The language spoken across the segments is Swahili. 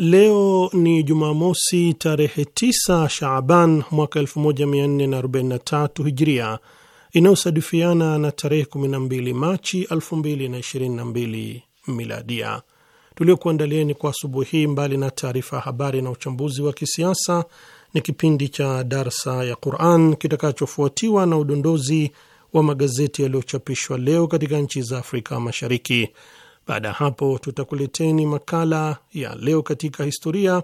Leo ni Jumamosi tarehe 9 Shaaban mwaka 1443 Hijria inayosadifiana na tarehe 12 Machi 2022 Miladia. Tuliokuandalieni kwa asubuhi hii, mbali na taarifa ya habari na uchambuzi wa kisiasa, ni kipindi cha darsa ya Quran kitakachofuatiwa na udondozi wa magazeti yaliyochapishwa leo katika nchi za Afrika Mashariki baada ya hapo, tutakuleteni makala ya leo katika historia,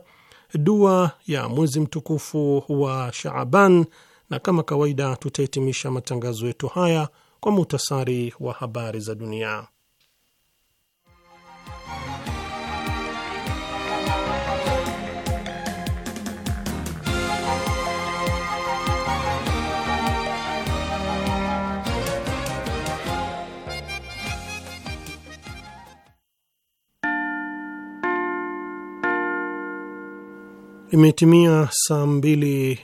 dua ya mwezi mtukufu wa Shaaban, na kama kawaida tutahitimisha matangazo yetu haya kwa muhtasari wa habari za dunia. Imetimia saa mbili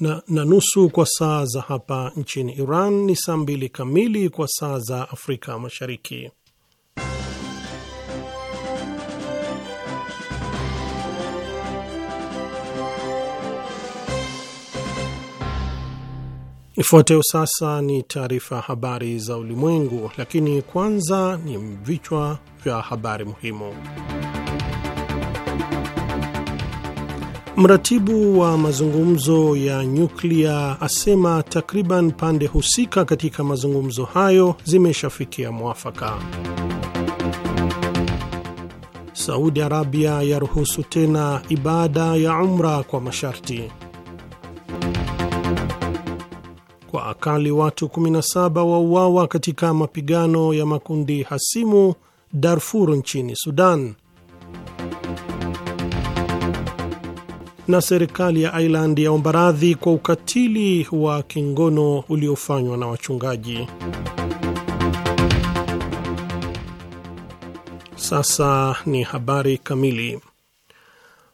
na, na nusu kwa saa za hapa nchini Iran, ni saa mbili kamili kwa saa za Afrika Mashariki. Ifuateo sasa ni taarifa ya habari za ulimwengu, lakini kwanza ni vichwa vya habari muhimu. Mratibu wa mazungumzo ya nyuklia asema takriban pande husika katika mazungumzo hayo zimeshafikia mwafaka. Saudi Arabia yaruhusu tena ibada ya umra kwa masharti. Kwa akali watu 17 wauawa katika mapigano ya makundi hasimu Darfur nchini Sudan. na serikali ya Ireland yaomba radhi kwa ukatili wa kingono uliofanywa na wachungaji. Sasa ni habari kamili.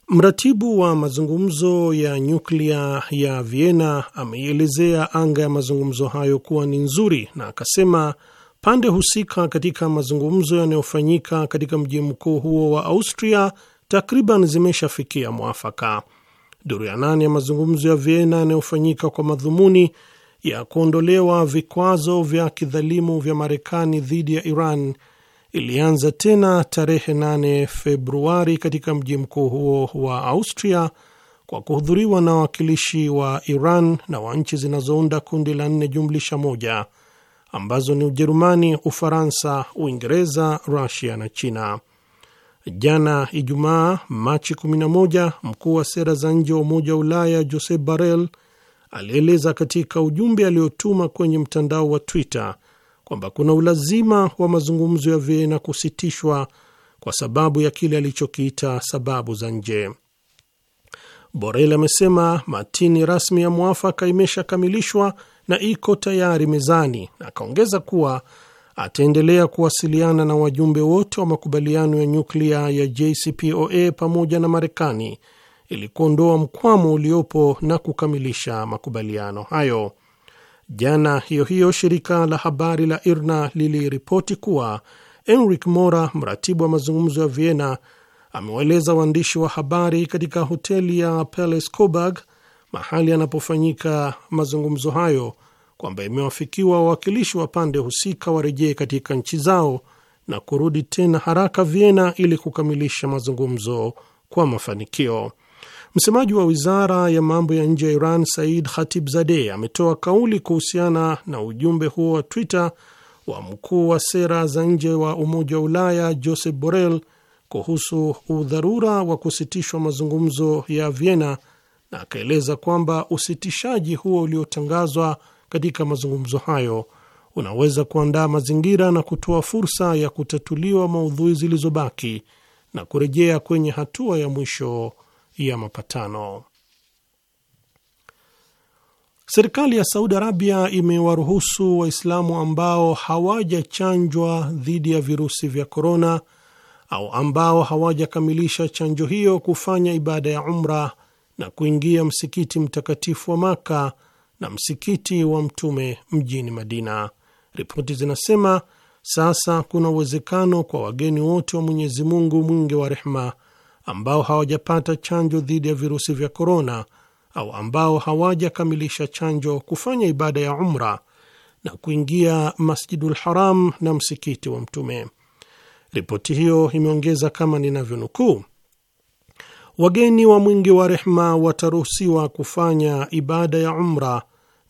Mratibu wa mazungumzo ya nyuklia ya Vienna ameielezea anga ya mazungumzo hayo kuwa ni nzuri na akasema pande husika katika mazungumzo yanayofanyika katika mji mkuu huo wa Austria takriban zimeshafikia mwafaka. Duru ya nane ya mazungumzo ya Vienna yanayofanyika kwa madhumuni ya kuondolewa vikwazo vya kidhalimu vya Marekani dhidi ya Iran ilianza tena tarehe 8 Februari katika mji mkuu huo wa Austria kwa kuhudhuriwa na wawakilishi wa Iran na wa nchi zinazounda kundi la nne jumlisha moja ambazo ni Ujerumani, Ufaransa, Uingereza, Rusia na China. Jana Ijumaa, Machi 11, mkuu wa sera za nje wa Umoja wa Ulaya Josep Borrell alieleza katika ujumbe aliotuma kwenye mtandao wa Twitter kwamba kuna ulazima wa mazungumzo ya Vienna kusitishwa kwa sababu ya kile alichokiita sababu za nje. Borrell amesema matini rasmi ya mwafaka imeshakamilishwa na iko tayari mezani, na akaongeza kuwa ataendelea kuwasiliana na wajumbe wote wa makubaliano ya nyuklia ya JCPOA pamoja na Marekani ili kuondoa mkwamo uliopo na kukamilisha makubaliano hayo. Jana hiyo hiyo, shirika la habari la IRNA liliripoti kuwa Enric Mora, mratibu wa mazungumzo ya Vienna, amewaeleza waandishi wa habari katika hoteli ya Palais Coburg, mahali yanapofanyika mazungumzo hayo kwamba imewafikiwa wawakilishi wa pande husika warejee katika nchi zao na kurudi tena haraka Vienna ili kukamilisha mazungumzo kwa mafanikio. Msemaji wa wizara ya mambo ya nje ya Iran Said Khatibzadeh ametoa kauli kuhusiana na ujumbe huo wa Twitter wa mkuu wa sera za nje wa Umoja wa Ulaya joseph Borrell kuhusu udharura wa kusitishwa mazungumzo ya Vienna na akaeleza kwamba usitishaji huo uliotangazwa katika mazungumzo hayo unaweza kuandaa mazingira na kutoa fursa ya kutatuliwa maudhui zilizobaki na kurejea kwenye hatua ya mwisho ya mapatano. Serikali ya Saudi Arabia imewaruhusu Waislamu ambao hawajachanjwa dhidi ya virusi vya korona au ambao hawajakamilisha chanjo hiyo kufanya ibada ya umra na kuingia msikiti mtakatifu wa Maka na msikiti wa Mtume mjini Madina. Ripoti zinasema sasa kuna uwezekano kwa wageni wote wa Mwenyezi Mungu mwingi wa rehma ambao hawajapata chanjo dhidi ya virusi vya korona au ambao hawajakamilisha chanjo kufanya ibada ya umra na kuingia Masjidul Haram na msikiti wa Mtume. Ripoti hiyo imeongeza kama ninavyonukuu wageni wa mwingi wa rehma wataruhusiwa kufanya ibada ya umra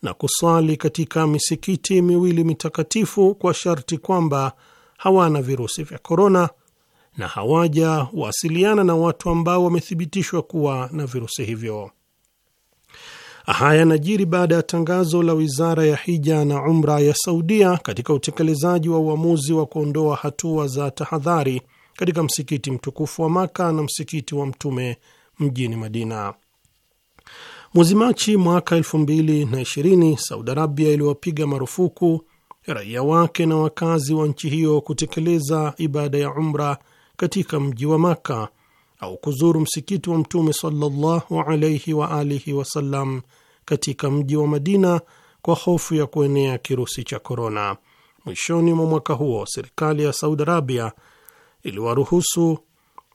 na kusali katika misikiti miwili mitakatifu kwa sharti kwamba hawana virusi vya korona na hawaja wasiliana na watu ambao wamethibitishwa kuwa na virusi hivyo. Haya yanajiri baada ya tangazo la wizara ya hija na umra ya Saudia katika utekelezaji wa uamuzi wa kuondoa hatua za tahadhari katika msikiti mtukufu wa Maka na msikiti wa Mtume mjini Madina. Mwezi Machi mwaka ishirini, Saudi Arabia iliwapiga marufuku raia wake na wakazi wa nchi hiyo kutekeleza ibada ya umra katika mji wa Maka au kuzuru msikiti wa Mtume sallallahu alaihi wa alihi wasallam katika mji wa Madina kwa hofu ya kuenea kirusi cha korona. Mwishoni mwa mwaka huo, serikali ya Saudi Arabia iliwaruhusu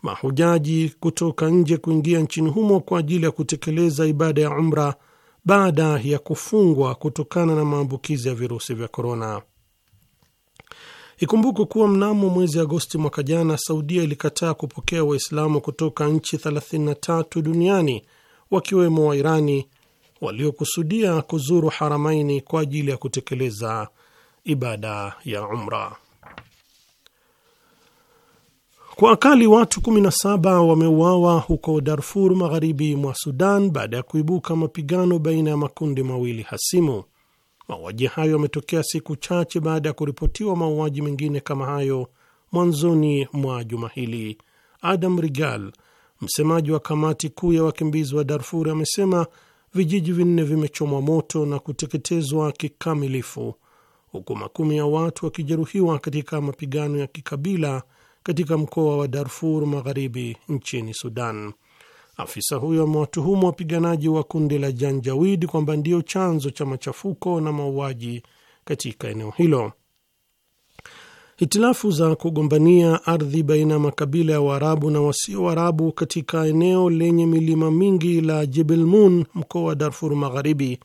mahujaji kutoka nje kuingia nchini humo kwa ajili ya kutekeleza ibada ya umra baada ya kufungwa kutokana na maambukizi ya virusi vya korona. Ikumbuku kuwa mnamo mwezi Agosti mwaka jana, Saudia ilikataa kupokea Waislamu kutoka nchi 33 duniani wakiwemo Wairani waliokusudia kuzuru haramaini kwa ajili ya kutekeleza ibada ya umra. Kwa akali watu 17 wameuawa huko Darfur magharibi mwa Sudan baada ya kuibuka mapigano baina ya makundi mawili hasimu. Mauaji hayo yametokea siku chache baada ya kuripotiwa mauaji mengine kama hayo mwanzoni mwa juma hili. Adam Rigal, msemaji wa kamati kuu ya wakimbizi wa Darfur, amesema vijiji vinne vimechomwa moto na kuteketezwa kikamilifu, huku makumi ya watu wakijeruhiwa katika mapigano ya kikabila katika mkoa wa Darfur Magharibi nchini Sudan. Afisa huyo amewatuhumu wapiganaji wa kundi la Janjawid kwamba ndio chanzo cha machafuko na mauaji katika eneo hilo. Hitilafu za kugombania ardhi baina ya makabila ya Waarabu na wasio Waarabu katika eneo lenye milima mingi la Jebel Moon, mkoa wa Darfur Magharibi,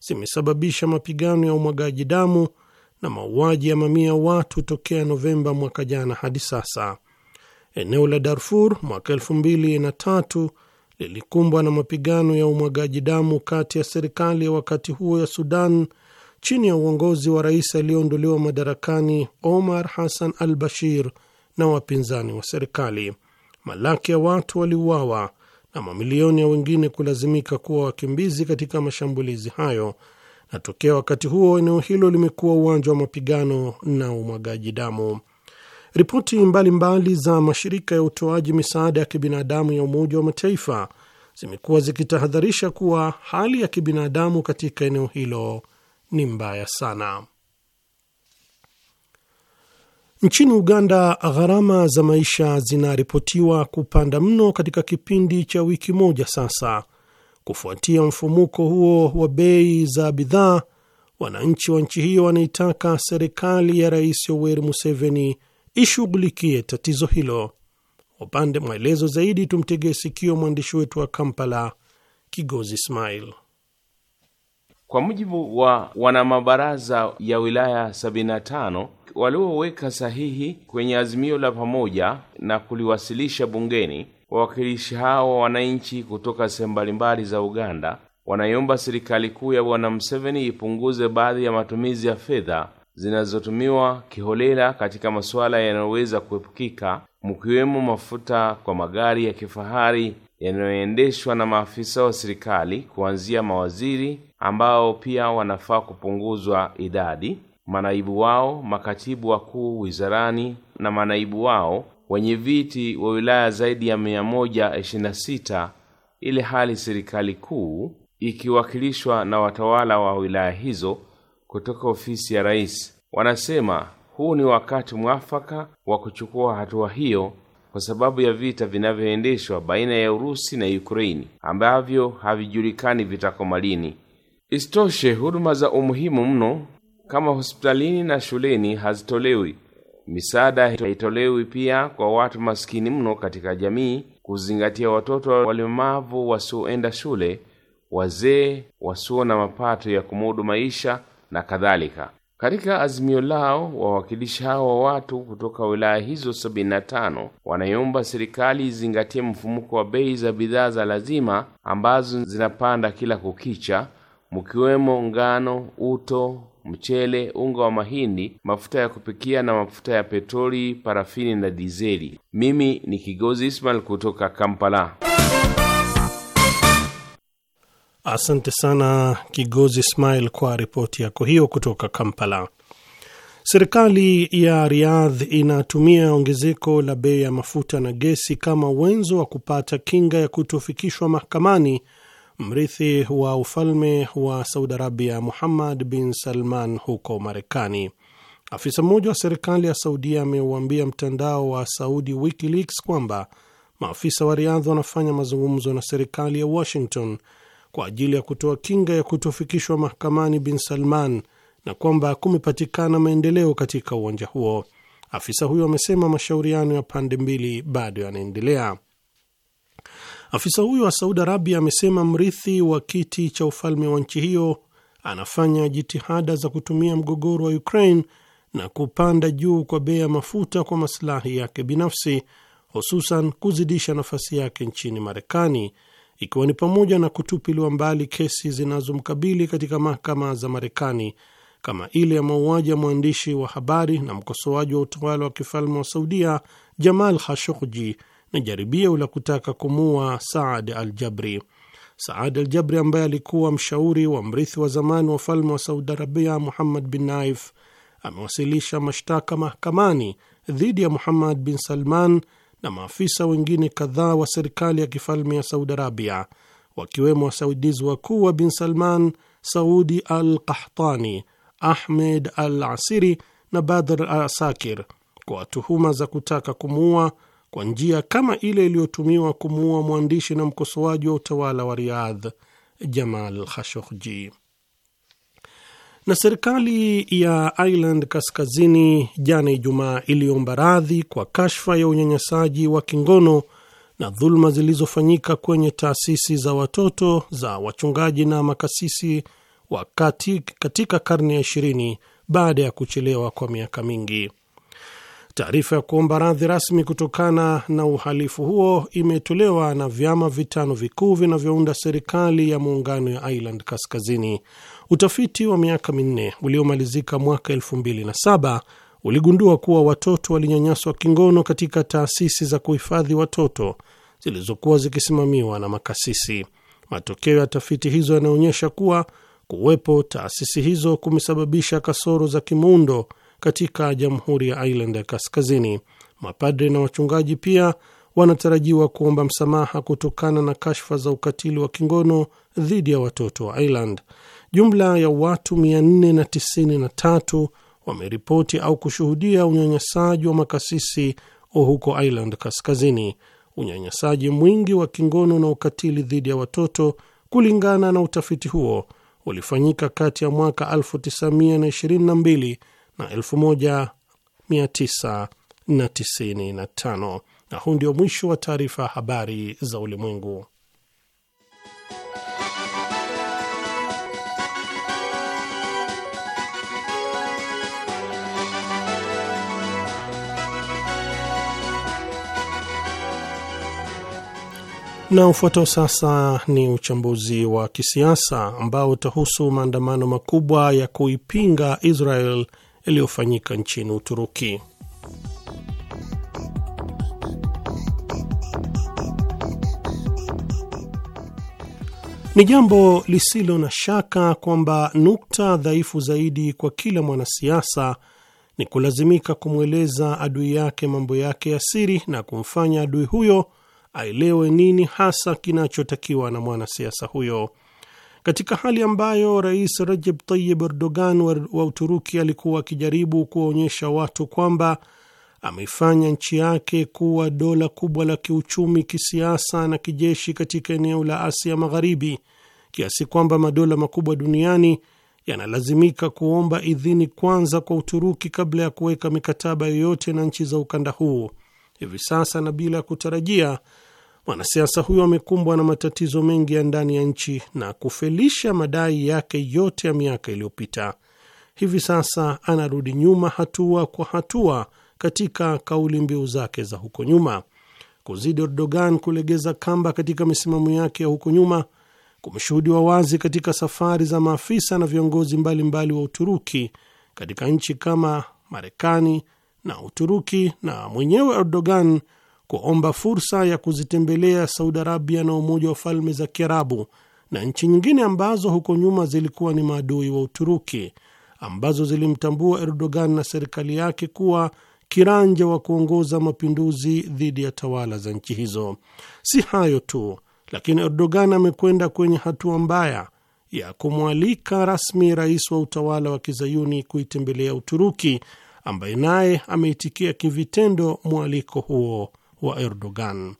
zimesababisha mapigano ya umwagaji damu na mauaji ya mamia watu tokea Novemba mwaka jana hadi sasa. Eneo la Darfur mwaka elfu mbili na tatu lilikumbwa na mapigano ya umwagaji damu kati ya serikali ya wakati huo ya Sudan chini ya uongozi wa rais aliyeondolewa madarakani Omar Hassan al Bashir na wapinzani wa serikali. Malaki ya watu waliuawa na mamilioni ya wengine kulazimika kuwa wakimbizi katika mashambulizi hayo na tokea wakati huo eneo hilo limekuwa uwanja wa mapigano na umwagaji damu. Ripoti mbalimbali za mashirika ya utoaji misaada ya kibinadamu ya Umoja wa Mataifa zimekuwa zikitahadharisha kuwa hali ya kibinadamu katika eneo hilo ni mbaya sana. Nchini Uganda, gharama za maisha zinaripotiwa kupanda mno katika kipindi cha wiki moja sasa, Kufuatia mfumuko huo wa bei za bidhaa, wananchi wa nchi hiyo wanaitaka serikali ya Rais Yoweri Museveni ishughulikie tatizo hilo. Upande maelezo zaidi, tumtegee sikio mwandishi wetu wa Kampala, Kigozi Ismail. Kwa mujibu wa wanamabaraza ya wilaya 75 walioweka sahihi kwenye azimio la pamoja na kuliwasilisha bungeni Wawakilishi hao wa wananchi kutoka sehemu mbalimbali za Uganda wanaiomba serikali kuu ya Bwana Museveni ipunguze baadhi ya matumizi ya fedha zinazotumiwa kiholela katika masuala yanayoweza kuepukika, mkiwemo mafuta kwa magari ya kifahari yanayoendeshwa na maafisa wa serikali kuanzia mawaziri ambao pia wanafaa kupunguzwa idadi, manaibu wao, makatibu wakuu wizarani na manaibu wao wenye viti wa wilaya zaidi ya 126 ili hali serikali kuu ikiwakilishwa na watawala wa wilaya hizo kutoka ofisi ya rais. Wanasema huu ni wakati mwafaka wa kuchukua hatua hiyo kwa sababu ya vita vinavyoendeshwa baina ya Urusi na Ukraini ambavyo havijulikani vitakoma lini. Isitoshe, huduma za umuhimu mno kama hospitalini na shuleni hazitolewi Misaada haitolewi pia kwa watu maskini mno katika jamii, kuzingatia watoto walemavu wasioenda shule, wazee wasio na mapato ya kumudu maisha na kadhalika. Katika azimio lao, wawakilishi hao wa watu kutoka wilaya hizo 75 wanaiomba serikali izingatie mfumuko wa bei za bidhaa za lazima ambazo zinapanda kila kukicha, mkiwemo ngano, uto mchele, unga wa mahindi, mafuta ya kupikia na mafuta ya petroli, parafini na dizeli. Mimi ni Kigozi Ismail kutoka Kampala. Asante sana Kigozi Ismail kwa ripoti yako hiyo kutoka Kampala. Serikali ya Riyadh inatumia ongezeko la bei ya mafuta na gesi kama wenzo wa kupata kinga ya kutofikishwa mahakamani mrithi wa ufalme wa Saudi Arabia Muhammad bin Salman huko Marekani. Afisa mmoja wa serikali ya Saudia ameuambia mtandao wa Saudi WikiLeaks kwamba maafisa wa Riadha wanafanya mazungumzo na serikali ya Washington kwa ajili ya kutoa kinga ya kutofikishwa mahakamani bin Salman na kwamba kumepatikana maendeleo katika uwanja huo. Afisa huyo amesema mashauriano ya pande mbili bado yanaendelea. Afisa huyo wa Saudi Arabia amesema mrithi wa kiti cha ufalme wa nchi hiyo anafanya jitihada za kutumia mgogoro wa Ukraine na kupanda juu kwa bei ya mafuta kwa masilahi yake binafsi, hususan kuzidisha nafasi yake nchini Marekani, ikiwa ni pamoja na kutupiliwa mbali kesi zinazomkabili katika mahakama za Marekani kama ile ya mauaji ya mwandishi wa habari na mkosoaji wa utawala wa kifalme wa Saudia Jamal Khashoggi na jaribio la kutaka kumua Saad al-Jabri. Saad al-Jabri ambaye alikuwa mshauri wa mrithi wa zamani wa ufalme wa Saudi Arabia Muhammad bin Naif amewasilisha mashtaka mahakamani dhidi ya Muhammad bin Salman na maafisa wengine kadhaa wa serikali ya kifalme ya Saudi Arabia wakiwemo wasaidizi wakuu wa bin Salman, Saudi al-Qahtani, Ahmed al-Asiri na Badr al-Asakir kwa tuhuma za kutaka kumuua kwa njia kama ile iliyotumiwa kumuua mwandishi na mkosoaji wa utawala wa Riyadh Jamal Khashoggi. Na serikali ya Ireland Kaskazini jana Ijumaa iliomba radhi kwa kashfa ya unyanyasaji wa kingono na dhuluma zilizofanyika kwenye taasisi za watoto za wachungaji na makasisi wakati katika karne ya 20 baada ya kuchelewa kwa miaka mingi. Taarifa ya kuomba radhi rasmi kutokana na uhalifu huo imetolewa na vyama vitano vikuu vinavyounda serikali ya muungano ya Ireland Kaskazini. Utafiti wa miaka minne uliomalizika mwaka 27 uligundua kuwa watoto walinyanyaswa kingono katika taasisi za kuhifadhi watoto zilizokuwa zikisimamiwa na makasisi. Matokeo ya tafiti hizo yanaonyesha kuwa kuwepo taasisi hizo kumesababisha kasoro za kimuundo katika jamhuri ya Ireland ya Kaskazini. mapadre na wachungaji pia wanatarajiwa kuomba msamaha kutokana na kashfa za ukatili wa kingono dhidi ya watoto wa Ireland. Jumla ya watu 493 wameripoti au kushuhudia unyanyasaji wa makasisi huko Ireland Kaskazini. Unyanyasaji mwingi wa kingono na ukatili dhidi ya watoto, kulingana na utafiti huo, ulifanyika kati ya mwaka 1922 na 1995. Na huu ndio mwisho wa taarifa ya habari za ulimwengu. Na ufuatao sasa ni uchambuzi wa kisiasa ambao utahusu maandamano makubwa ya kuipinga Israel yaliyofanyika nchini Uturuki. Ni jambo lisilo na shaka kwamba nukta dhaifu zaidi kwa kila mwanasiasa ni kulazimika kumweleza adui yake mambo yake ya siri na kumfanya adui huyo aelewe nini hasa kinachotakiwa na mwanasiasa huyo katika hali ambayo Rais Recep Tayyip Erdogan wa Uturuki alikuwa akijaribu kuwaonyesha watu kwamba ameifanya nchi yake kuwa dola kubwa la kiuchumi, kisiasa na kijeshi katika eneo la Asia Magharibi, kiasi kwamba madola makubwa duniani yanalazimika kuomba idhini kwanza kwa Uturuki kabla ya kuweka mikataba yoyote na nchi za ukanda huu. Hivi sasa na bila ya kutarajia Mwanasiasa huyo amekumbwa na matatizo mengi ya ndani ya nchi na kufelisha madai yake yote ya miaka iliyopita. Hivi sasa anarudi nyuma hatua kwa hatua katika kauli mbiu zake za huko nyuma. Kuzidi Erdogan kulegeza kamba katika misimamo yake ya huko nyuma kumeshuhudiwa wazi katika safari za maafisa na viongozi mbalimbali mbali wa Uturuki katika nchi kama Marekani na Uturuki, na mwenyewe Erdogan kuomba fursa ya kuzitembelea Saudi Arabia na Umoja wa Falme za Kiarabu na nchi nyingine ambazo huko nyuma zilikuwa ni maadui wa Uturuki ambazo zilimtambua Erdogan na serikali yake kuwa kiranja wa kuongoza mapinduzi dhidi ya tawala za nchi hizo. Si hayo tu, lakini Erdogan amekwenda kwenye hatua mbaya ya kumwalika rasmi rais wa utawala wa kizayuni kuitembelea Uturuki, ambaye naye ameitikia kivitendo mwaliko huo wa Erdogan.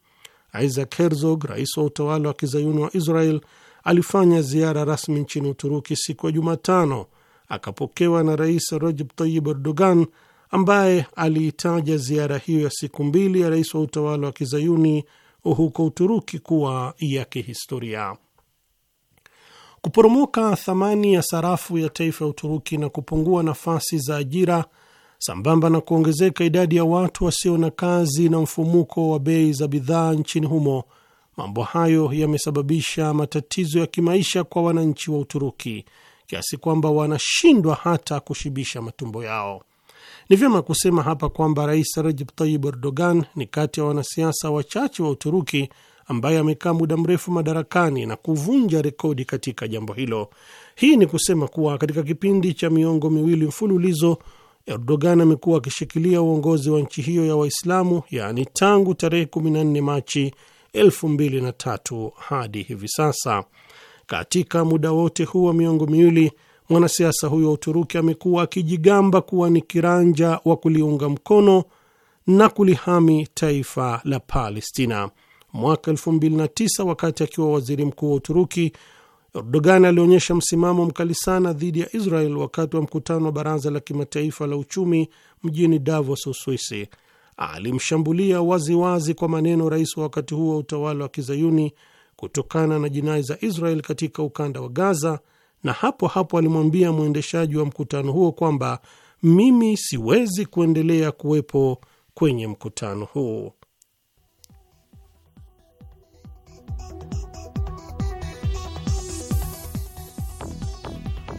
Isaac Herzog, rais wa utawala wa kizayuni wa Israel, alifanya ziara rasmi nchini Uturuki siku ya Jumatano, akapokewa na Rais Recep Tayyip Erdogan ambaye aliitaja ziara hiyo ya siku mbili ya rais wa utawala wa kizayuni huko Uturuki kuwa ya kihistoria. Kuporomoka thamani ya sarafu ya taifa ya Uturuki na kupungua nafasi za ajira sambamba na kuongezeka idadi ya watu wasio na kazi na mfumuko wa bei za bidhaa nchini humo. Mambo hayo yamesababisha matatizo ya kimaisha kwa wananchi wa Uturuki kiasi kwamba wanashindwa hata kushibisha matumbo yao. Ni vyema kusema hapa kwamba Rais Recep Tayyip Erdogan ni kati ya wanasiasa wachache wa Uturuki ambaye amekaa muda mrefu madarakani na kuvunja rekodi katika jambo hilo. Hii ni kusema kuwa katika kipindi cha miongo miwili mfululizo Erdogan amekuwa akishikilia uongozi wa nchi hiyo ya Waislamu, yaani tangu tarehe 14 Machi 2003 hadi hivi sasa. Katika muda wote huu wa miongo miwili, mwanasiasa huyo wa Uturuki amekuwa akijigamba kuwa ni kiranja wa kuliunga mkono na kulihami taifa la Palestina. Mwaka 2009 wakati akiwa waziri mkuu wa Uturuki, Erdogan alionyesha msimamo mkali sana dhidi ya Israel wakati wa mkutano wa Baraza la Kimataifa la Uchumi mjini Davos, Uswisi. Alimshambulia waziwazi wazi kwa maneno rais wa wakati huo wa utawala wa kizayuni kutokana na jinai za Israel katika ukanda wa Gaza, na hapo hapo alimwambia mwendeshaji wa mkutano huo kwamba mimi siwezi kuendelea kuwepo kwenye mkutano huu.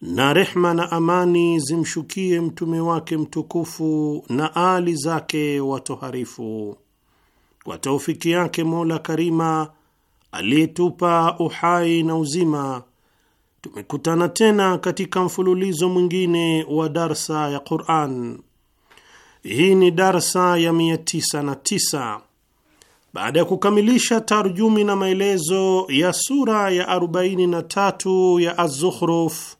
na rehma na amani zimshukie mtume wake mtukufu na aali zake watoharifu. Kwa taufiki yake Mola Karima aliyetupa uhai na uzima, tumekutana tena katika mfululizo mwingine wa darsa ya Quran. Hii ni darsa ya 99 baada ya kukamilisha tarjumi na maelezo ya sura ya 43 ya Az-Zukhruf.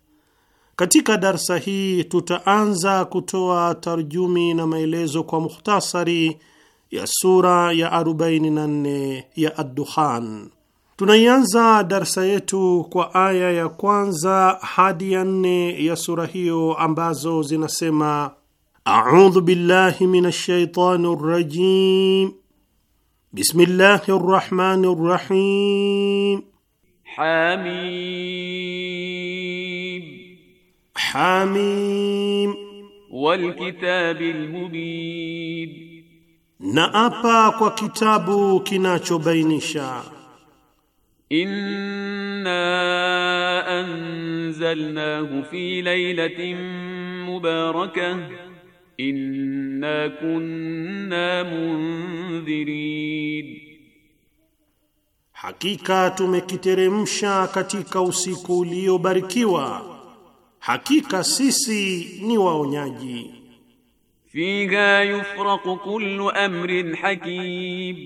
Katika darsa hii tutaanza kutoa tarjumi na maelezo kwa mukhtasari ya sura ya 44 ya Ad-Dukhan. Tunaianza darsa yetu kwa aya ya kwanza hadi ya nne ya sura hiyo ambazo zinasema: audhu billahi minash shaitani rrajim bismillahi rrahmani rahim, hamim Hamim. Wal kitabil mubin, na apa kwa kitabu kinachobainisha. Inna anzalnahu fi laylatin mubarakah inna kunna mundhirin, hakika tumekiteremsha katika usiku uliobarikiwa Hakika sisi ni waonyaji. Fiha yufraqu kullu amrin hakim,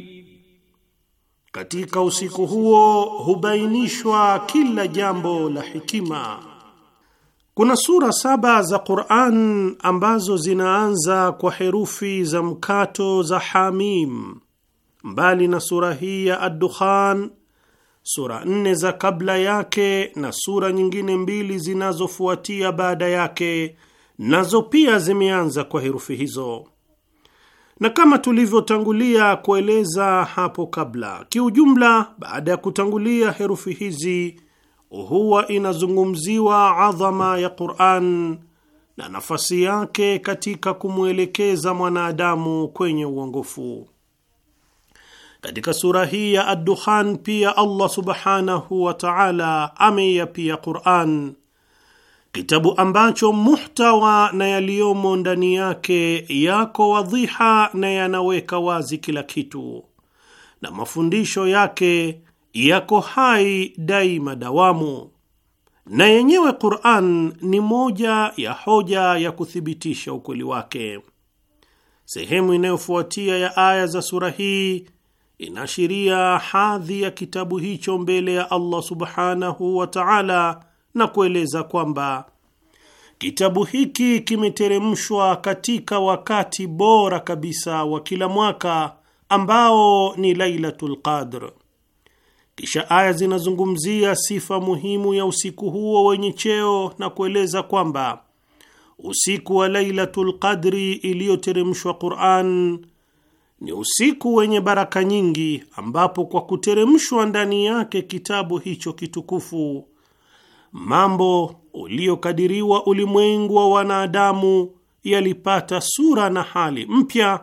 katika usiku huo hubainishwa kila jambo la hikima. Kuna sura saba za Qur'an ambazo zinaanza kwa herufi za mkato za Hamim. Mbali na sura hii ya Ad-Dukhan sura nne za kabla yake na sura nyingine mbili zinazofuatia baada yake nazo pia zimeanza kwa herufi hizo. Na kama tulivyotangulia kueleza hapo kabla, kiujumla, baada ya kutangulia herufi hizi huwa inazungumziwa adhama ya Qur'an na nafasi yake katika kumwelekeza mwanadamu kwenye uongofu. Katika sura hii ya Addukhan pia Allah subhanahu wa taala ameiapia Quran, kitabu ambacho muhtawa na yaliyomo ndani yake yako wadhiha na yanaweka wazi kila kitu, na mafundisho yake yako hai daima dawamu, na yenyewe Quran ni moja ya hoja ya kuthibitisha ukweli wake. Sehemu inayofuatia ya aya za sura hii inaashiria hadhi ya kitabu hicho mbele ya Allah subhanahu wa ta'ala, na kueleza kwamba kitabu hiki kimeteremshwa katika wakati bora kabisa wa kila mwaka ambao ni Lailatul Qadr. Kisha aya zinazungumzia sifa muhimu ya usiku huo wenye cheo na kueleza kwamba usiku wa Lailatul Qadri iliyoteremshwa Qur'an ni usiku wenye baraka nyingi, ambapo kwa kuteremshwa ndani yake kitabu hicho kitukufu, mambo uliokadiriwa ulimwengu wa wanadamu yalipata sura na hali mpya.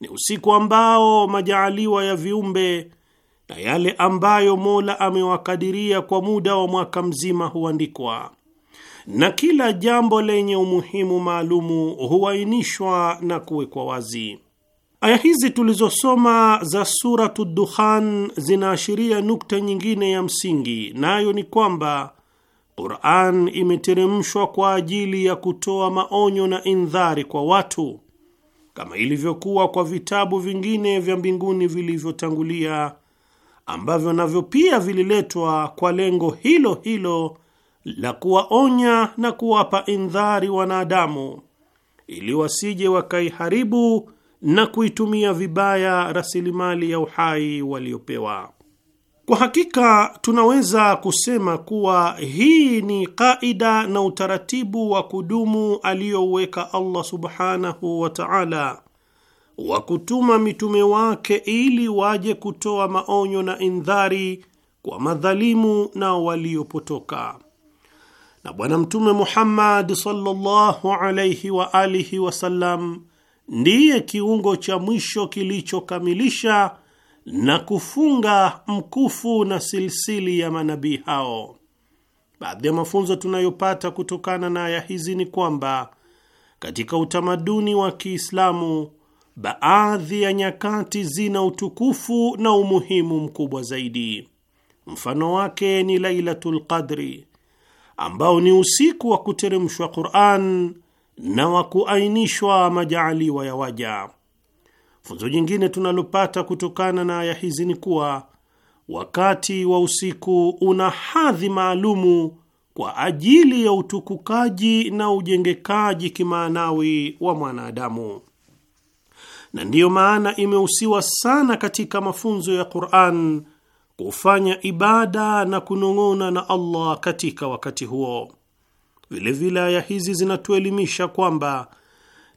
Ni usiku ambao majaaliwa ya viumbe na yale ambayo Mola amewakadiria kwa muda wa mwaka mzima huandikwa na kila jambo lenye umuhimu maalumu huainishwa na kuwekwa wazi. Aya hizi tulizosoma za Suratu Dukhan zinaashiria nukta nyingine ya msingi, nayo ni kwamba Quran imeteremshwa kwa ajili ya kutoa maonyo na indhari kwa watu kama ilivyokuwa kwa vitabu vingine vya mbinguni vilivyotangulia ambavyo navyo pia vililetwa kwa lengo hilo hilo la kuwaonya na kuwapa indhari wanadamu ili wasije wakaiharibu na kuitumia vibaya rasilimali ya uhai waliopewa. Kwa hakika tunaweza kusema kuwa hii ni kaida na utaratibu wa kudumu aliyouweka Allah subhanahu wa ta'ala wa kutuma mitume wake ili waje kutoa maonyo na indhari kwa madhalimu na waliopotoka. Na Bwana Mtume Muhammad sallallahu alayhi wa alihi wasallam ndiye kiungo cha mwisho kilichokamilisha na kufunga mkufu na silsili ya manabii hao. Baadhi ya mafunzo tunayopata kutokana na aya hizi ni kwamba katika utamaduni wa Kiislamu baadhi ya nyakati zina utukufu na umuhimu mkubwa zaidi. Mfano wake ni Lailatul Qadri ambao ni usiku wa kuteremshwa Qur'an na wa kuainishwa majaaliwa ya waja. Funzo jingine tunalopata kutokana na aya hizi ni kuwa wakati wa usiku una hadhi maalumu kwa ajili ya utukukaji na ujengekaji kimaanawi wa mwanadamu, na ndiyo maana imehusiwa sana katika mafunzo ya Qur'an kufanya ibada na kunong'ona na Allah katika wakati huo. Vilevile aya hizi zinatuelimisha kwamba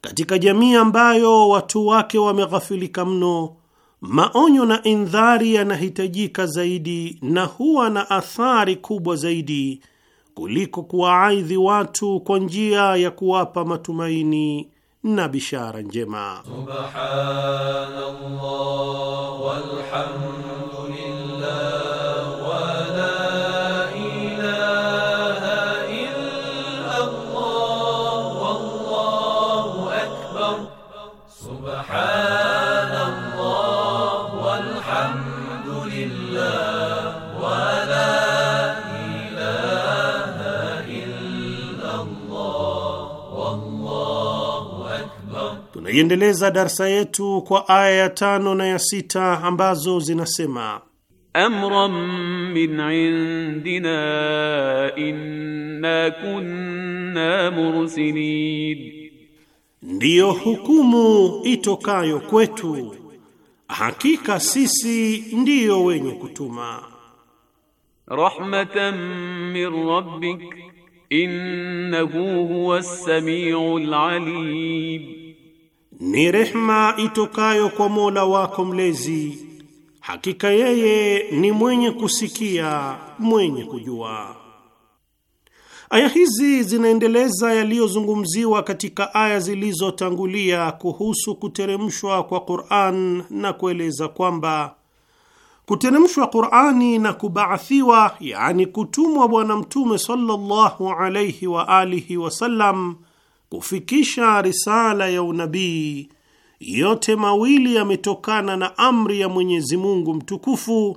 katika jamii ambayo watu wake wameghafilika mno, maonyo na indhari yanahitajika zaidi na huwa na athari kubwa zaidi kuliko kuwaaidhi watu kwa njia ya kuwapa matumaini na bishara njema. Subhanallah walhamdulillah Tunaiendeleza darsa yetu kwa aya ya tano na ya sita ambazo zinasema amran min indina inna kunna mursilin, ndiyo hukumu itokayo kwetu, hakika sisi ndiyo wenye kutuma. Rahmatan min rabbik innahu huwas samiul alim ni rehma itokayo kwa Mola wako mlezi, hakika yeye ni mwenye kusikia, mwenye kujua. Aya hizi zinaendeleza yaliyozungumziwa katika aya zilizotangulia kuhusu kuteremshwa kwa Qur'an na kueleza kwamba kuteremshwa Qur'ani na kubaathiwa, yani kutumwa Bwana Mtume sallallahu alayhi wa alihi wasallam kufikisha risala ya unabii, yote mawili yametokana na amri ya Mwenyezi Mungu mtukufu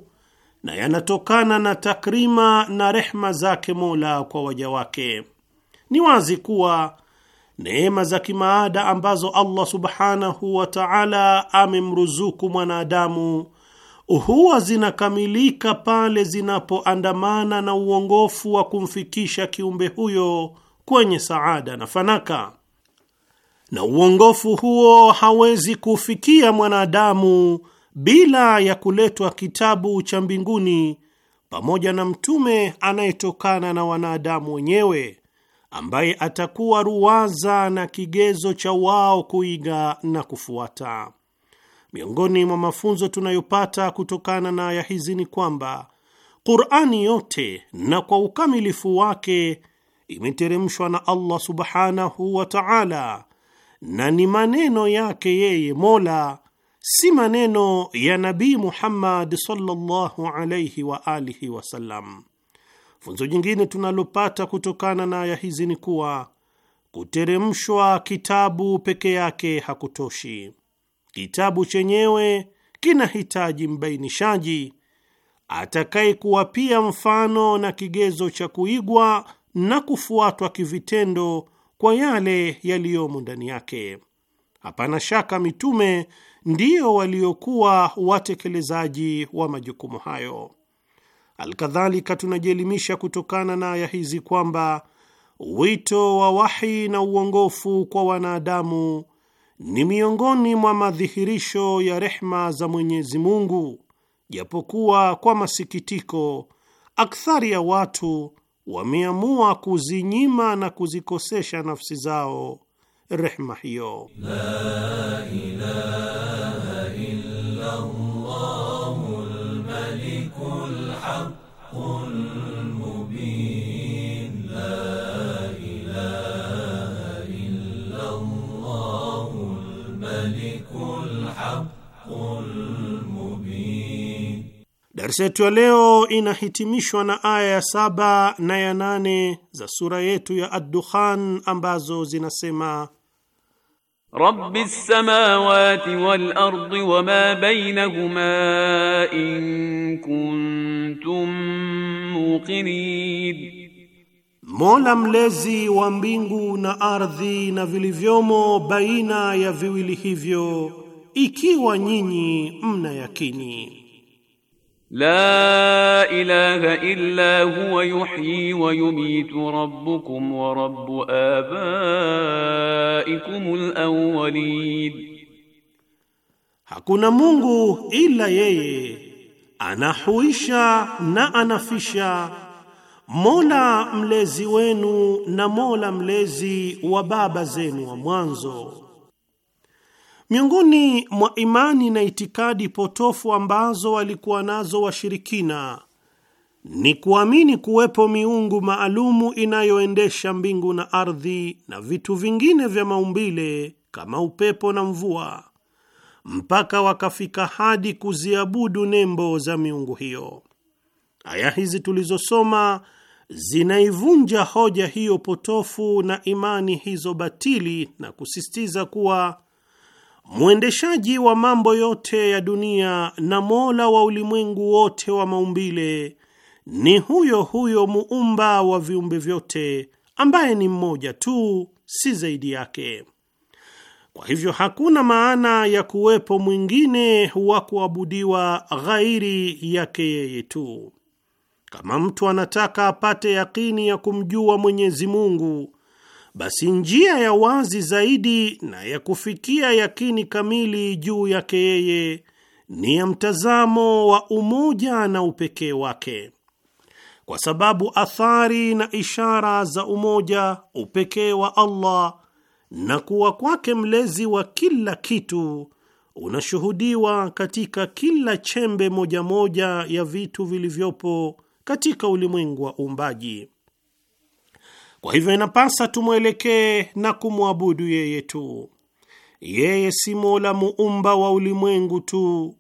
na yanatokana na takrima na rehma zake Mola kwa waja wake. Ni wazi kuwa neema za kimaada ambazo Allah subhanahu wa taala amemruzuku mwanadamu huwa zinakamilika pale zinapoandamana na uongofu wa kumfikisha kiumbe huyo kwenye saada na fanaka, na uongofu huo hawezi kufikia mwanadamu bila ya kuletwa kitabu cha mbinguni pamoja na mtume anayetokana na wanadamu wenyewe ambaye atakuwa ruwaza na kigezo cha wao kuiga na kufuata. Miongoni mwa mafunzo tunayopata kutokana na aya hizi ni kwamba Qur'ani yote na kwa ukamilifu wake imeteremshwa na Allah subhanahu wa ta'ala, na ni maneno yake yeye Mola, si maneno ya Nabii Muhammad sallallahu alayhi wa alihi wasallam. Funzo jingine tunalopata kutokana na aya hizi ni kuwa kuteremshwa kitabu peke yake hakutoshi. Kitabu chenyewe kinahitaji mbainishaji atakayekuwa pia mfano na kigezo cha kuigwa na kufuatwa kivitendo kwa yale yaliyomo ndani yake. Hapana shaka mitume ndio waliokuwa watekelezaji wa majukumu hayo. Alkadhalika, tunajielimisha kutokana na aya hizi kwamba wito wa wahi na uongofu kwa wanadamu ni miongoni mwa madhihirisho ya rehma za Mwenyezi Mungu, japokuwa kwa masikitiko, akthari ya watu wameamua kuzinyima na kuzikosesha nafsi zao rehma hiyo. La ilaha illa Darsa yetu ya leo inahitimishwa na aya ya saba na ya nane za sura yetu ya Ad-Dukhan ambazo zinasema Rabbi samawati wal ardi wama bainahuma in kuntum muqinin, Mola mlezi wa mbingu na ardhi na vilivyomo baina ya viwili hivyo, ikiwa nyinyi mna yakini. La ilaha illa huwa yuhyi wa yumitu rabbukum wa rabbu abaikumul awwalin, hakuna Mungu ila yeye, anahuisha na anafisha, Mola mlezi wenu na Mola mlezi wa baba zenu wa mwanzo. Miongoni mwa imani na itikadi potofu ambazo walikuwa nazo washirikina ni kuamini kuwepo miungu maalumu inayoendesha mbingu na ardhi na vitu vingine vya maumbile kama upepo na mvua, mpaka wakafika hadi kuziabudu nembo za miungu hiyo. Aya hizi tulizosoma zinaivunja hoja hiyo potofu na imani hizo batili na kusisitiza kuwa mwendeshaji wa mambo yote ya dunia na mola wa ulimwengu wote wa maumbile ni huyo huyo muumba wa viumbe vyote ambaye ni mmoja tu, si zaidi yake. Kwa hivyo hakuna maana ya kuwepo mwingine wa kuabudiwa ghairi yake yeye tu. Kama mtu anataka apate yakini ya kumjua Mwenyezi Mungu, basi njia ya wazi zaidi na ya kufikia yakini kamili juu yake yeye ni ya mtazamo wa umoja na upekee wake, kwa sababu athari na ishara za umoja, upekee wa Allah na kuwa kwake mlezi wa kila kitu unashuhudiwa katika kila chembe moja moja ya vitu vilivyopo katika ulimwengu wa uumbaji. Kwa hivyo inapasa tumwelekee na kumwabudu yeye tu. Yeye si Mola muumba wa ulimwengu tu,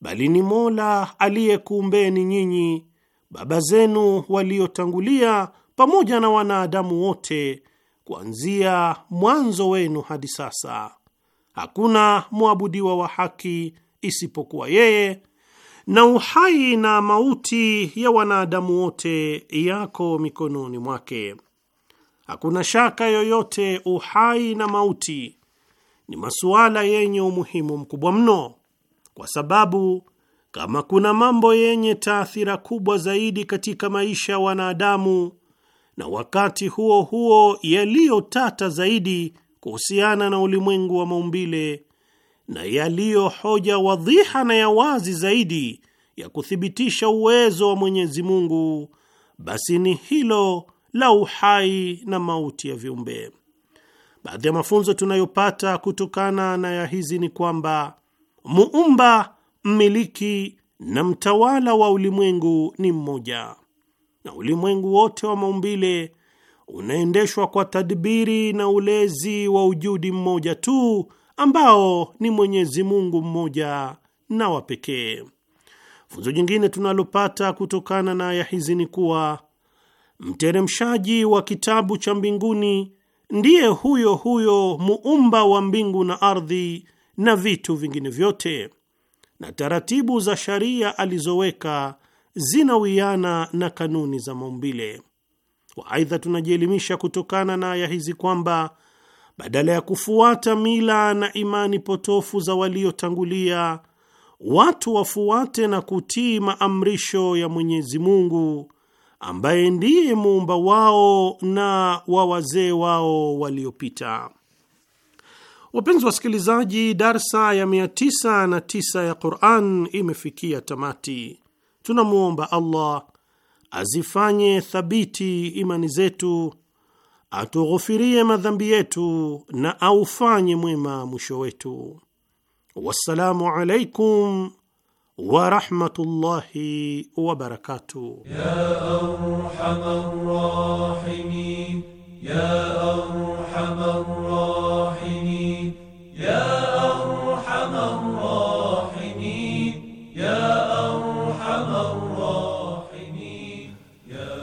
bali ni Mola aliyekuumbeni nyinyi, baba zenu waliotangulia, pamoja na wanadamu wote kuanzia mwanzo wenu hadi sasa. Hakuna mwabudiwa wa haki isipokuwa yeye, na uhai na mauti ya wanadamu wote yako mikononi mwake hakuna shaka yoyote, uhai na mauti ni masuala yenye umuhimu mkubwa mno, kwa sababu kama kuna mambo yenye taathira kubwa zaidi katika maisha ya wanadamu na wakati huo huo yaliyotata zaidi kuhusiana na ulimwengu wa maumbile na yaliyo hoja wadhiha na ya wazi zaidi ya kuthibitisha uwezo wa Mwenyezi Mungu, basi ni hilo la uhai na mauti ya viumbe. Baadhi ya mafunzo tunayopata kutokana na ya hizi ni kwamba muumba, mmiliki na mtawala wa ulimwengu ni mmoja, na ulimwengu wote wa maumbile unaendeshwa kwa tadbiri na ulezi wa ujudi mmoja tu ambao ni Mwenyezi Mungu mmoja na wa pekee. Funzo jingine tunalopata kutokana na aya hizi ni kuwa mteremshaji wa kitabu cha mbinguni ndiye huyo huyo muumba wa mbingu na ardhi na vitu vingine vyote, na taratibu za sharia alizoweka zinawiana na kanuni za maumbile. Waaidha, tunajielimisha kutokana na aya hizi kwamba badala ya kufuata mila na imani potofu za waliotangulia, watu wafuate na kutii maamrisho ya Mwenyezi Mungu ambaye ndiye muumba wao na wa wazee wao waliopita. Wapenzi wasikilizaji, darsa ya 99 ya Quran imefikia tamati. Tunamwomba Allah azifanye thabiti imani zetu, atughufirie madhambi yetu na aufanye mwema mwisho wetu. Wassalamu alaikum wa rahmatullahi wa barakatuh.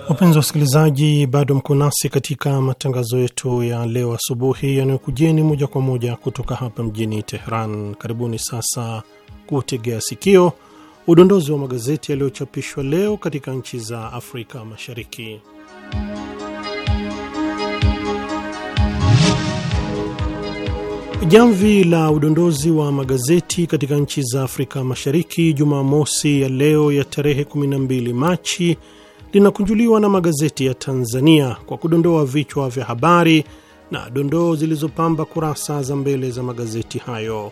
Wapenzi wasikilizaji, bado mko nasi katika matangazo yetu ya leo asubuhi yanayokujeni moja kwa moja kutoka hapa mjini Tehran. Karibuni sasa kutegea sikio udondozi wa magazeti yaliyochapishwa leo katika nchi za Afrika Mashariki. Jamvi la udondozi wa magazeti katika nchi za Afrika Mashariki Jumamosi ya leo ya tarehe 12 Machi linakunjuliwa na magazeti ya Tanzania kwa kudondoa vichwa vya habari na dondoo zilizopamba kurasa za mbele za magazeti hayo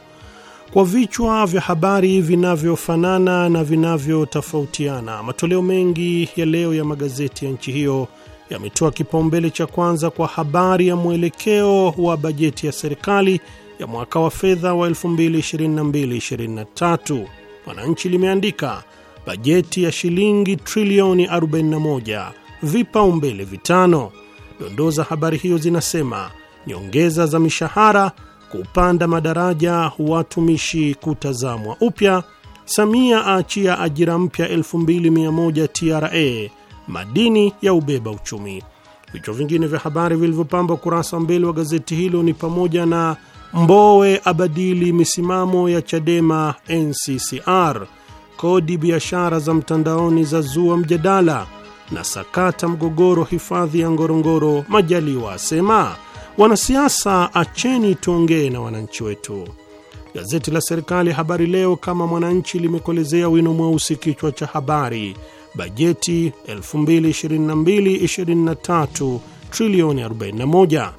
kwa vichwa vya habari vinavyofanana na vinavyotofautiana. Matoleo mengi ya leo ya magazeti ya nchi hiyo yametoa kipaumbele cha kwanza kwa habari ya mwelekeo wa bajeti ya serikali ya mwaka wa fedha wa 2022/2023. Mwananchi limeandika bajeti ya shilingi trilioni 41, vipaumbele vitano. Dondoo za habari hiyo zinasema nyongeza za mishahara kupanda madaraja watumishi kutazamwa upya, Samia aachia ajira mpya 2100 TRA, madini ya ubeba uchumi. Vichwa vingine vya habari vilivyopamba ukurasa wa mbele wa gazeti hilo ni pamoja na Mbowe abadili misimamo ya Chadema NCCR, kodi biashara za mtandaoni za zua mjadala, na sakata mgogoro hifadhi ya Ngorongoro, Majaliwa asema Wanasiasa, acheni tuongee na wananchi wetu. Gazeti la serikali Habari Leo kama Mwananchi limekolezea wino mweusi kichwa cha habari, bajeti 2022/2023 trilioni 41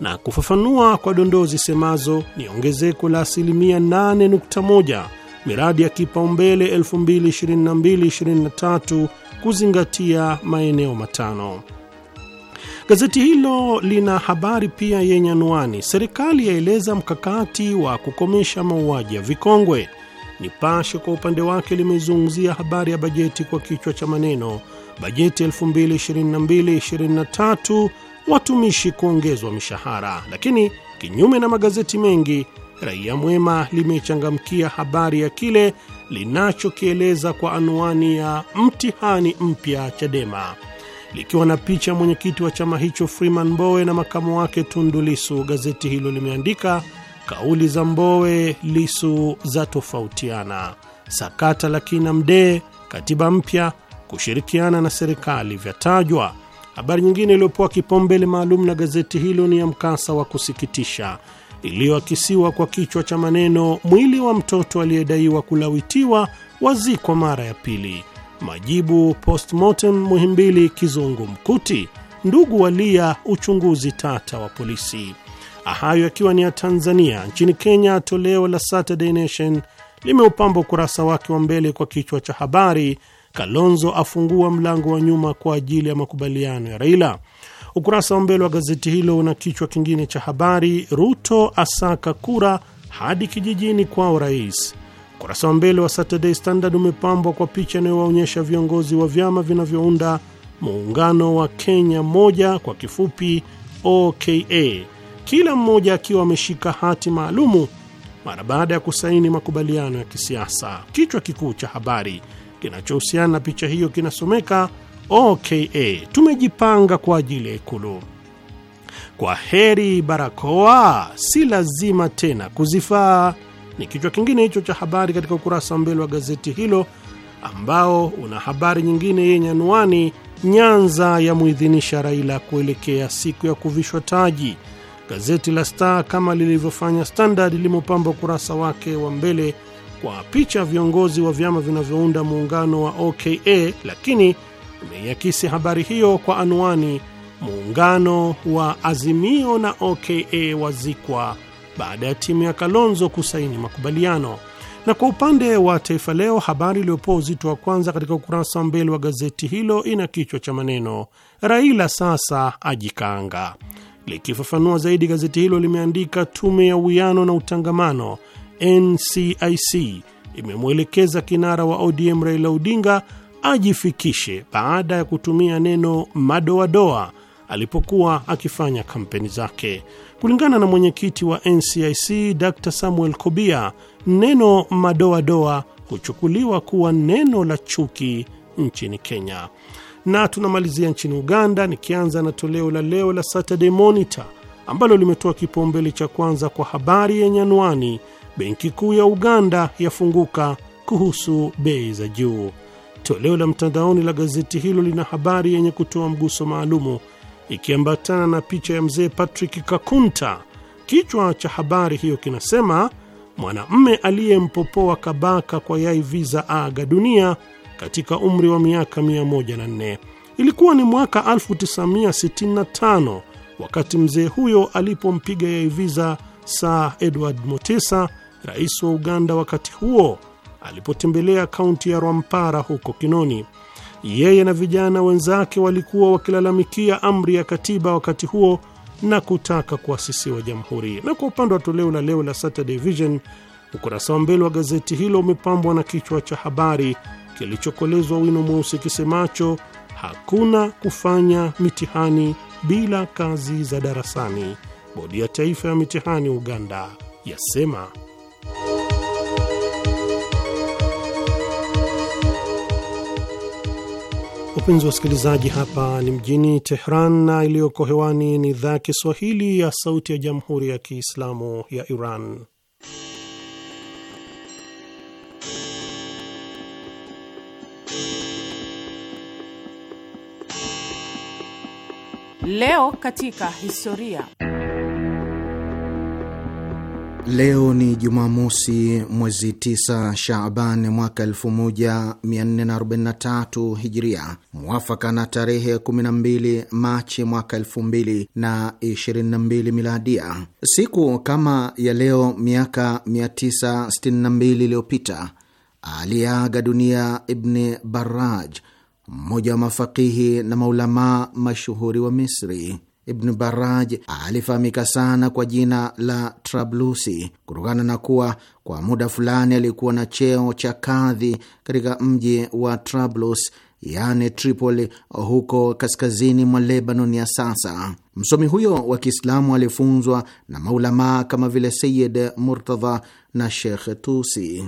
na kufafanua kwa dondoo zisemazo ni ongezeko la asilimia 8.1, miradi ya kipaumbele 2022 kuzingatia maeneo matano. Gazeti hilo lina habari pia yenye anwani, serikali yaeleza mkakati wa kukomesha mauaji ya vikongwe. Nipashe kwa upande wake limezungumzia habari ya bajeti kwa kichwa cha maneno, bajeti 2022 watumishi kuongezwa mishahara. Lakini kinyume na magazeti mengi, Raia Mwema limechangamkia habari ya kile linachokieleza kwa anwani ya mtihani mpya Chadema likiwa na picha ya mwenyekiti wa chama hicho Freeman Mbowe na makamu wake Tundu Lisu. Gazeti hilo limeandika kauli za Mbowe Lisu za tofautiana, sakata la kina Mdee, katiba mpya, kushirikiana na serikali vyatajwa. Habari nyingine iliyopewa kipaumbele maalum na gazeti hilo ni ya mkasa wa kusikitisha iliyoakisiwa kwa kichwa cha maneno mwili wa mtoto aliyedaiwa kulawitiwa wazikwa mara ya pili majibu postmortem Muhimbili mkuti ndugu walia uchunguzi tata wa polisi. Hayo yakiwa ni ya Tanzania. Nchini Kenya, toleo la Saturday Nation limeupamba ukurasa wake wa mbele kwa kichwa cha habari, Kalonzo afungua mlango wa nyuma kwa ajili ya makubaliano ya Raila. Ukurasa wa mbele wa gazeti hilo una kichwa kingine cha habari, Ruto asaka kura hadi kijijini kwao rais Ukurasa wa mbele wa Saturday Standard umepambwa kwa picha inayowaonyesha viongozi wa vyama vinavyounda muungano wa Kenya moja kwa kifupi OKA, kila mmoja akiwa ameshika hati maalumu mara baada ya kusaini makubaliano ya kisiasa. Kichwa kikuu cha habari kinachohusiana na picha hiyo kinasomeka OKA tumejipanga kwa ajili ya Ikulu. Kwa heri barakoa, si lazima tena kuzifaa ni kichwa kingine hicho cha habari katika ukurasa wa mbele wa gazeti hilo ambao una habari nyingine yenye anwani Nyanza yamwidhinisha Raila kuelekea siku ya kuvishwa taji. Gazeti la Star kama lilivyofanya Standard limopamba ukurasa wake wa mbele kwa picha viongozi wa vyama vinavyounda muungano wa OKA, lakini imeiakisi habari hiyo kwa anwani muungano wa Azimio na OKA wazikwa baada ya timu ya Kalonzo kusaini makubaliano. Na kwa upande wa Taifa Leo, habari iliyopoa uzito wa kwanza katika ukurasa wa mbele wa gazeti hilo ina kichwa cha maneno Raila sasa ajikaanga. Likifafanua zaidi, gazeti hilo limeandika tume ya uwiano na utangamano NCIC imemwelekeza kinara wa ODM Raila Odinga ajifikishe baada ya kutumia neno madoadoa alipokuwa akifanya kampeni zake. Kulingana na mwenyekiti wa NCIC Dr Samuel Kobia, neno madoadoa huchukuliwa kuwa neno la chuki nchini Kenya. Na tunamalizia nchini Uganda, nikianza na toleo la leo la Saturday Monitor ambalo limetoa kipaumbele cha kwanza kwa habari yenye anwani Benki Kuu ya Uganda yafunguka kuhusu bei za juu. Toleo la mtandaoni la gazeti hilo lina habari yenye kutoa mguso maalumu ikiambatana na picha ya mzee Patrick Kakunta. Kichwa cha habari hiyo kinasema mwanamme aliyempopoa kabaka kwa yai Viza aga dunia katika umri wa miaka 104. Ilikuwa ni mwaka 1965 wakati mzee huyo alipompiga yai Viza Sir Edward Mutesa, rais wa Uganda wakati huo, alipotembelea kaunti ya Rwampara huko Kinoni yeye na vijana wenzake walikuwa wakilalamikia amri ya katiba wakati huo na kutaka kuasisiwa jamhuri. Na kwa upande wa toleo la leo la Saturday Vision, ukurasa wa mbele wa gazeti hilo umepambwa na kichwa cha habari kilichokolezwa wino mweusi kisemacho hakuna kufanya mitihani bila kazi za darasani. Bodi ya Taifa ya Mitihani Uganda yasema upenzi wa wasikilizaji, hapa ni mjini Tehran na iliyoko hewani ni idhaa ya Kiswahili ya Sauti ya Jamhuri ya Kiislamu ya Iran. Leo katika historia Leo ni Jumamosi, mwezi 9 Shaban mwaka 1443 Hijria, mwafaka na tarehe 12 Machi mwaka 2022 Miladia. Siku kama ya leo miaka 962 iliyopita aliyeaga dunia Ibni Barraj, mmoja wa mafakihi na maulamaa mashuhuri wa Misri. Ibn Baraj alifahamika sana kwa jina la Trablusi kutokana na kuwa kwa muda fulani alikuwa na cheo cha kadhi katika mji wa Trablus, yaani Tripoli, huko kaskazini mwa Lebanon ya sasa. Msomi huyo wa Kiislamu alifunzwa na maulamaa kama vile Sayid Murtadha na Shekh Tusi.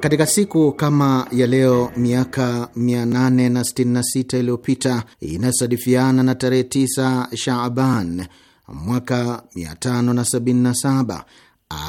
Katika siku kama ya leo miaka 866 iliyopita inasadifiana na tarehe 9 Shaaban mwaka 577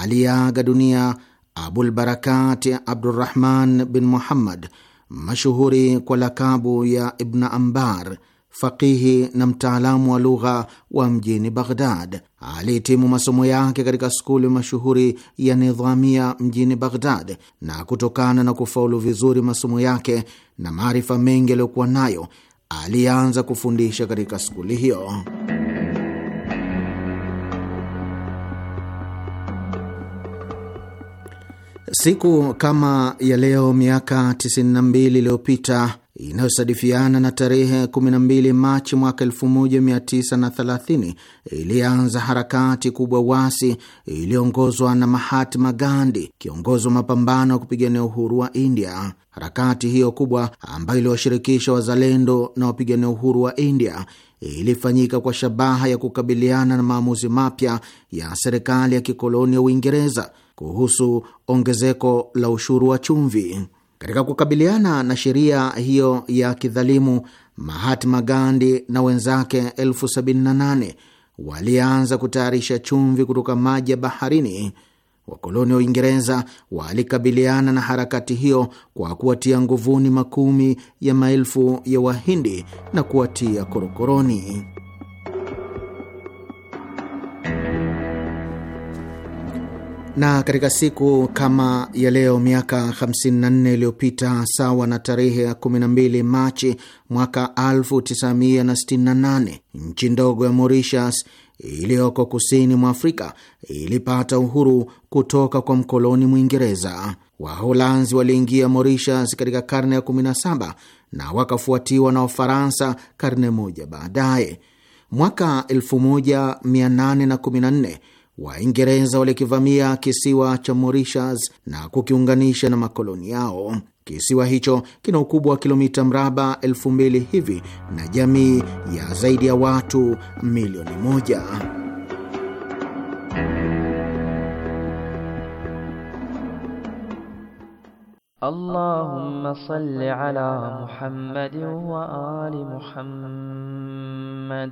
aliyeaga dunia Abulbarakati Abdurrahman bin Muhammad mashuhuri kwa lakabu ya Ibn Ambar fakihi na mtaalamu wa lugha wa mjini Baghdad. Alihitimu masomo yake katika skuli mashuhuri ya Nidhamia mjini Baghdad, na kutokana na kufaulu vizuri masomo yake na maarifa mengi aliyokuwa nayo, alianza kufundisha katika skuli hiyo. Siku kama ya leo miaka 92 iliyopita inayosadifiana na tarehe 12 Machi mwaka 1930 ilianza harakati kubwa wasi iliyoongozwa na Mahatma Gandhi, kiongozi wa mapambano ya kupigania uhuru wa India. Harakati hiyo kubwa ambayo iliwashirikisha wazalendo na wapigania uhuru wa India ilifanyika kwa shabaha ya kukabiliana na maamuzi mapya ya serikali ya kikoloni ya Uingereza kuhusu ongezeko la ushuru wa chumvi. Katika kukabiliana na sheria hiyo ya kidhalimu, Mahatma Gandhi na wenzake elfu sabini na nane walianza kutayarisha chumvi kutoka maji ya baharini. Wakoloni wa Uingereza walikabiliana na harakati hiyo kwa kuwatia nguvuni makumi ya maelfu ya Wahindi na kuwatia korokoroni. na katika siku kama ya leo miaka 54 iliyopita sawa na tarehe ya 12 Machi mwaka 1968 nchi ndogo ya Mauritius iliyoko kusini mwa Afrika ilipata uhuru kutoka kwa mkoloni Mwingereza. Waholanzi waliingia Mauritius katika karne ya 17 na wakafuatiwa na Wafaransa karne moja baadaye. Mwaka 1814 Waingereza walikivamia kisiwa cha Mauritius na kukiunganisha na makoloni yao. Kisiwa hicho kina ukubwa wa kilomita mraba elfu mbili hivi na jamii ya zaidi ya watu milioni moja. Allahumma salli ala Muhammadin wa ali Muhammad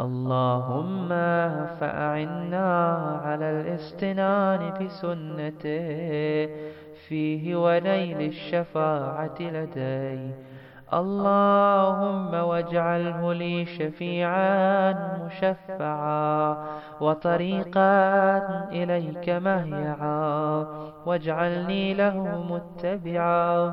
اللهم فأعنا على الاستنان بسنته فيه ونيل الشفاعة لدي اللهم واجعله لي شفيعا مشفعا وطريقا إليك مهيعا واجعلني له متبعا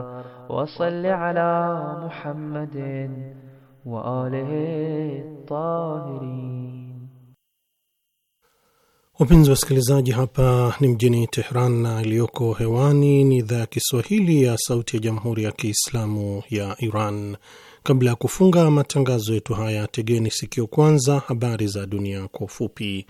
وصل على محمد وآله الطاهرين. Wapenzi wasikilizaji, hapa ni mjini Tehran na iliyoko hewani ni idhaa ya Kiswahili ya Sauti ya Jamhuri ya Kiislamu ya Iran. Kabla ya kufunga matangazo yetu haya, tegeni sikio kwanza habari za dunia kwa ufupi.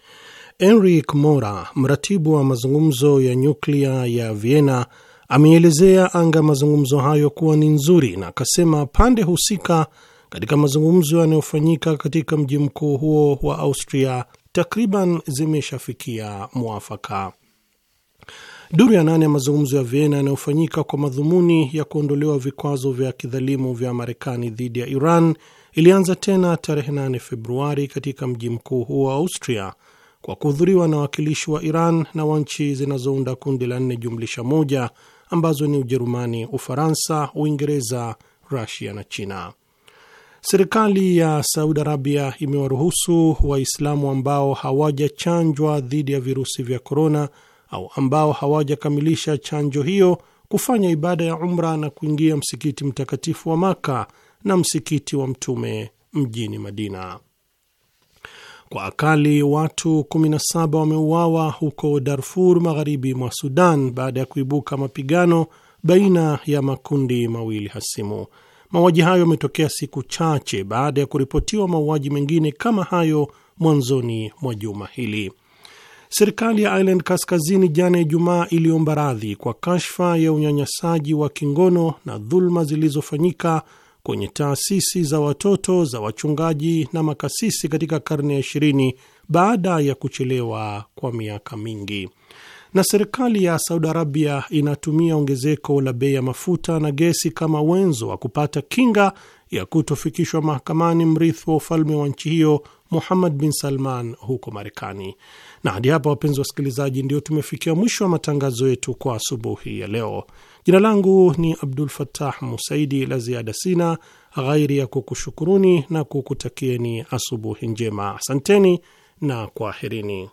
Enrique Mora, mratibu wa mazungumzo ya nyuklia ya Vienna, ameelezea anga mazungumzo hayo kuwa ni nzuri na akasema pande husika katika mazungumzo yanayofanyika katika mji mkuu huo wa Austria takriban zimeshafikia mwafaka. Duru ya nane ya mazungumzo ya Vienna yanayofanyika kwa madhumuni ya kuondolewa vikwazo vya kidhalimu vya Marekani dhidi ya Iran ilianza tena tarehe 8 Februari katika mji mkuu huo wa Austria kwa kuhudhuriwa na wawakilishi wa Iran na wa nchi zinazounda kundi la nne jumlisha moja ambazo ni Ujerumani, Ufaransa, Uingereza, Rusia na China. Serikali ya Saudi Arabia imewaruhusu Waislamu ambao hawajachanjwa dhidi ya virusi vya korona au ambao hawajakamilisha chanjo hiyo kufanya ibada ya umra na kuingia msikiti mtakatifu wa Maka na msikiti wa Mtume mjini Madina kwa akali watu 17 wameuawa huko Darfur magharibi mwa Sudan baada ya kuibuka mapigano baina ya makundi mawili hasimu. Mauaji hayo yametokea siku chache baada ya kuripotiwa mauaji mengine kama hayo mwanzoni mwa juma hili. Serikali ya Ireland Kaskazini jana Ijumaa iliomba radhi kwa kashfa ya unyanyasaji wa kingono na dhuluma zilizofanyika kwenye taasisi za watoto za wachungaji na makasisi katika karne ya ishirini baada ya kuchelewa kwa miaka mingi. Na serikali ya Saudi Arabia inatumia ongezeko la bei ya mafuta na gesi kama wenzo wa kupata kinga ya kutofikishwa mahakamani mrithi wa ufalme wa nchi hiyo Muhammad bin Salman huko Marekani. Na hadi hapa, wapenzi wasikilizaji, ndio tumefikia mwisho wa matangazo yetu kwa asubuhi ya leo. Jina langu ni Abdul Fattah Musaidi. La ziada sina ghairi ya kukushukuruni na kukutakieni asubuhi njema. Asanteni na kwaherini.